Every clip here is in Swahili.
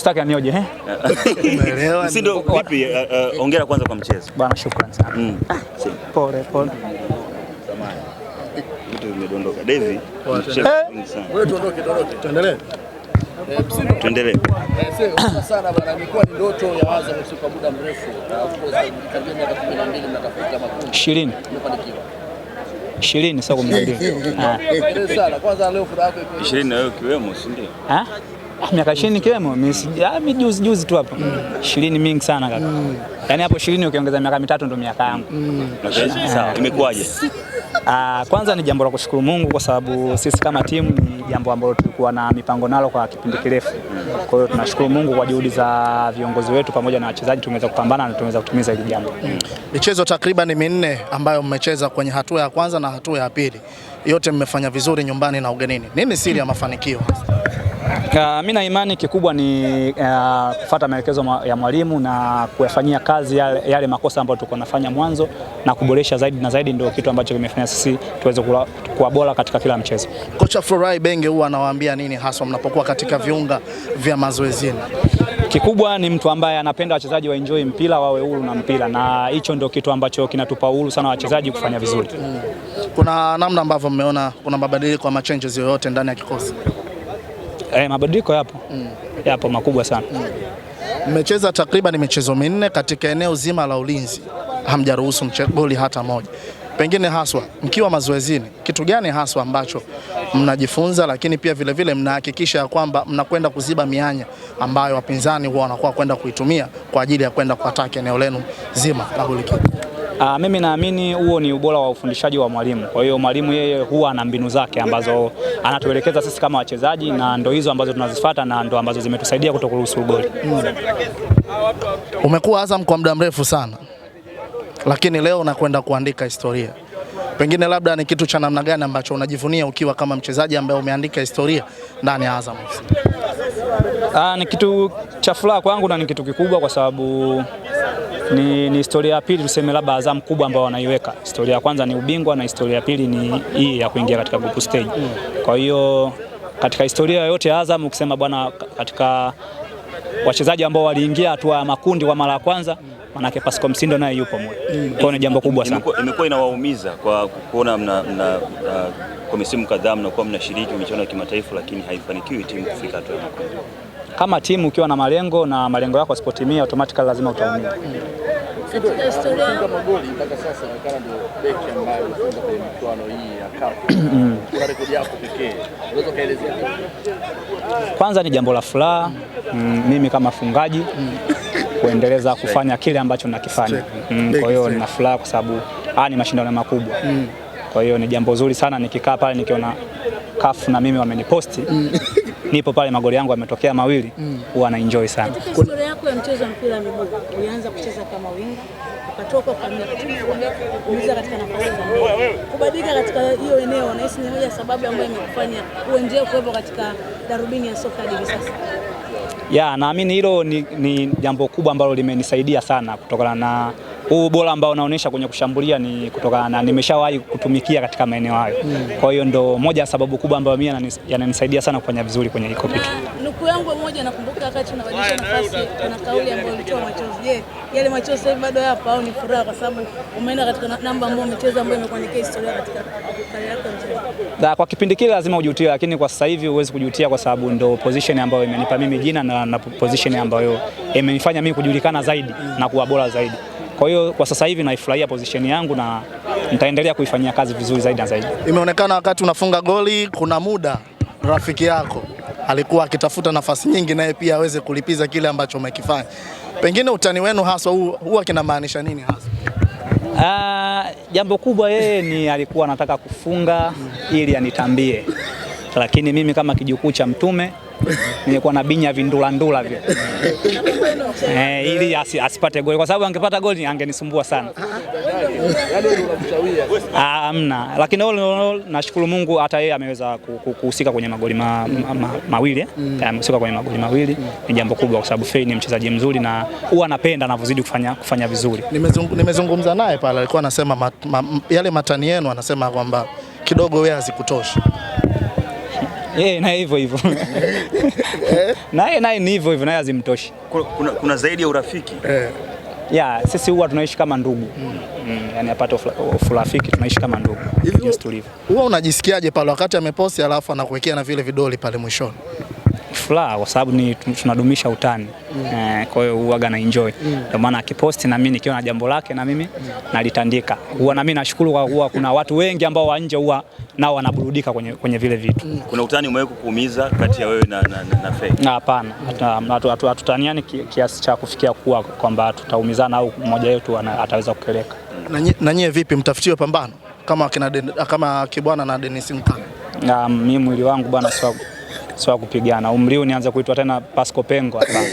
Usitaki anioje eh? Umeelewa? Si ndio vipi? Hongera eh, eh, kwanza kwa mchezo. Bwana shukrani sana. Mm. Ah, pole pole. Samahani. Vitu vimedondoka. Devi. Eh, wewe tuondoke, tuondoke. Tuendelee. Tuendelee. Sana bwana, ilikuwa ni ndoto ya Azam kwa muda mrefu. sio na wewe ukiwemo, si ndio? Ah, miaka ishirini kiwemo mi juzi juzi tu hapo ishirini mingi sana kaka. Yaani hapo ishirini ukiongeza miaka mitatu ndo miaka yangu. Sawa, ah. imekuwaje? Ah, kwanza ni jambo la kushukuru Mungu kwa sababu sisi kama timu ni jambo ambalo tulikuwa na mipango nalo kwa kipindi kirefu. Kwa hiyo tunashukuru Mungu kwa juhudi za viongozi wetu pamoja na wachezaji tumeweza kupambana na tumeweza kutimiza hili jambo. Michezo takriban minne ambayo mmecheza kwenye hatua ya kwanza na hatua ya pili. Yote mmefanya vizuri nyumbani na ugenini. Nini siri ya mafanikio? Uh, mi na imani kikubwa ni uh, maelekezo ya mwalimu na kuyafanyia kazi yale, yale makosa ambayo tulikuwa nafanya mwanzo na kuboresha zaidi na zaidi, ndio kitu ambacho kimefanya sisi tuweze kuwa bora katika kila mchezo. Kocha Florai Benge huwa anawaambia nini hasa mnapokuwa katika viunga vya mazoezini? Kikubwa ni mtu ambaye anapenda wachezaji enjoy mpira, wawe huru na mpira, na hicho ndio kitu ambacho kinatupa uhuru sana wachezaji kufanya vizuri. Hmm. Kuna namna ambavyo mmeona kuna mabadiliko ama changes yoyote ndani ya kikosi? Eh, mabadiliko yapo mm. yapo makubwa sana mm. mmecheza mm. takriban michezo minne katika eneo zima la ulinzi, hamjaruhusu goli hata moja. Pengine haswa mkiwa mazoezini, kitu gani haswa ambacho mnajifunza, lakini pia vilevile mnahakikisha ya kwamba mnakwenda kuziba mianya ambayo wapinzani huwa wanakuwa kwenda kuitumia kwa ajili ya kwenda kuataki eneo lenu zima la golikipa? Uh, mimi naamini huo ni ubora wa ufundishaji wa mwalimu. Kwa hiyo mwalimu yeye huwa ana mbinu zake ambazo anatuelekeza sisi kama wachezaji, na ndo hizo ambazo tunazifuata na ndo ambazo zimetusaidia kutokuruhusu goli. Mm. Umekuwa Azam kwa muda mrefu sana, lakini leo unakwenda kuandika historia. Pengine labda ni kitu cha namna gani ambacho unajivunia ukiwa kama mchezaji ambaye umeandika historia ndani ya Azam? Ah, ni kitu cha furaha kwangu na ni kitu kikubwa kwa sababu ni, ni historia ya pili tuseme labda Azam kubwa ambao wanaiweka. Historia ya kwanza ni ubingwa na historia ya pili ni hii ya kuingia katika group stage. Kwa hiyo katika historia yote ya Azam ukisema bwana, katika wachezaji ambao waliingia hatua ya makundi kwa mara ya kwanza manake pasco Msindo naye yupo moja kwao, ni jambo kubwa sana. Imekuwa inawaumiza kwa kuona mna, mna uh, kwa misimu kadhaa mnakuwa mnashiriki michuano ya kimataifa lakini haifanikiwi timu kufika hatua ya makundi kama timu ukiwa na malengo na malengo yako asipotimia automatically lazima utaumia. Mm. Kwanza ni jambo la furaha mm, mimi kama fungaji mm. kuendeleza kufanya kile ambacho nakifanya. Mm, kwa hiyo nina furaha kwa sababu haya ah, ni mashindano makubwa. Mm. Kwa hiyo ni jambo zuri sana nikikaa pale nikiona kafu na mimi wameniposti nipo pale, magoli yangu yametokea mawili, mm. huwa mm. na enjoy sana. Katika historia yako ya mchezo wa mpira wa miguu ulianza kucheza kama winga ukatoka kuuza katika nafasi za kubadilika katika hiyo eneo, nahisi ni moja sababu ambayo imekufanya uendelee kuwepo katika darubini ya soka hadi sasa. Ya, naamini hilo ni, ni jambo kubwa ambalo limenisaidia sana kutokana na huu bora ambao naonesha kwenye kushambulia ni kutokana na nimeshawahi kutumikia katika maeneo hayo mm. Kwa hiyo ndo moja ya sababu kubwa ambayo mimi yananisaidia sana kufanya vizuri kwenye iko kitu. Ah, Nuku yangu moja, nakumbuka wakati unabadilisha nafasi na kauli ambayo ulitoa machozi. Je, yale machozi sasa bado yapo au ni furaha kwa sababu umeenda katika namba ambayo umecheza ambayo imekuwa imekuandikia historia katika kariera yako mchezo? Kwa kipindi kile lazima ujutie, lakini kwa sasa hivi huwezi kujutia kwa sababu ndo position ambayo imenipa mimi jina na, na position ambayo imenifanya mimi kujulikana zaidi na kuwa bora zaidi. Kwa hiyo kwa sasa hivi naifurahia position yangu na nitaendelea kuifanyia kazi vizuri zaidi na zaidi. Imeonekana wakati unafunga goli, kuna muda rafiki yako alikuwa akitafuta nafasi nyingi naye pia aweze kulipiza kile ambacho umekifanya. Pengine utani wenu haswa huwa kinamaanisha nini haswa? Ah, jambo kubwa yeye ni alikuwa anataka kufunga ili anitambie lakini mimi kama kijukuu cha Mtume nilikuwa na binya vindulandula vya eh, ili asi, asipate goli, kwa sababu angepata goli angenisumbua sana. Ah, Amna, lakini nashukuru Mungu hata yeye ameweza kuhusika kwenye magoli ma, ma, ma, mawili eh? Mm. Eh, amehusika kwenye magoli mawili ni jambo kubwa, kwa sababu Fei ni mchezaji mzuri na huwa anapenda anavyozidi kufanya, kufanya vizuri. Nimezungumza naye pale, alikuwa anasema ma, yale matani yenu anasema kwamba kidogo wewe hazikutosha Eh, na hivyo hivyo. Naye naye ni hivyo hivyo, naye azimtoshi. Kuna, kuna zaidi ya urafiki eh. Ya, sisi huwa tunaishi kama ndugu mm. Mm, yani apate urafiki tunaishi kama ndugu. Hivi unajisikiaje pale wakati ameposti alafu anakuwekea na vile vidoli pale mwishoni? furaha kwa sababu ni tunadumisha utani mm. Eh, kwa hiyo huaga na enjoy ndio mm. maana akiposti na mimi nikiwa na jambo lake na mimi mm. nalitandika huwa na mimi nashukuru kwa kuwa kuna watu wengi ambao wa nje huwa nao wanaburudika kwenye, kwenye vile vitu mm. kuna utani umewahi kukuumiza kati ya wewe na, na, na, na Faye? Hapana, hatutaniani mm. kiasi cha kufikia kuwa kwamba tutaumizana au mmoja wetu ataweza kukeleka. Na nyie vipi, mtafutiwe pambano kama kina, kama Kibwana na Dennis Mkana? Mimi mwili wangu bwana sio kupigana. Umri huu unaanza kuitwa tena Pasco Pengo hapa.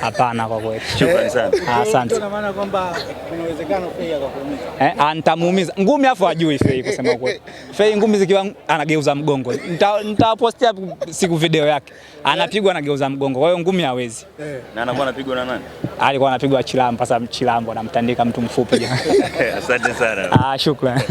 Hapana kwa kweli. Shukrani sana. Ah, asante. Kwa maana kwamba kuna uwezekano Fei akakuumiza. Eh, antamuumiza. Ah, ngumi afu ajui Fei kusema kweli. Fei ngumi zikiwa anageuza mgongo. Nitapostia nita siku video yake. Anapigwa anageuza mgongo. Kwa hiyo ngumi hawezi. Na anakuwa anapigwa na nani? Alikuwa anapigwa Chilambo, sasa Chilambo anamtandika mtu mfupi. Asante sana. Ah, shukrani.